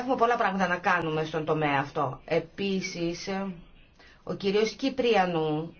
Έχουμε πολλά πράγματα να κάνουμε στον τομέα αυτό. Επίσης, ο κύριος Κυπριανού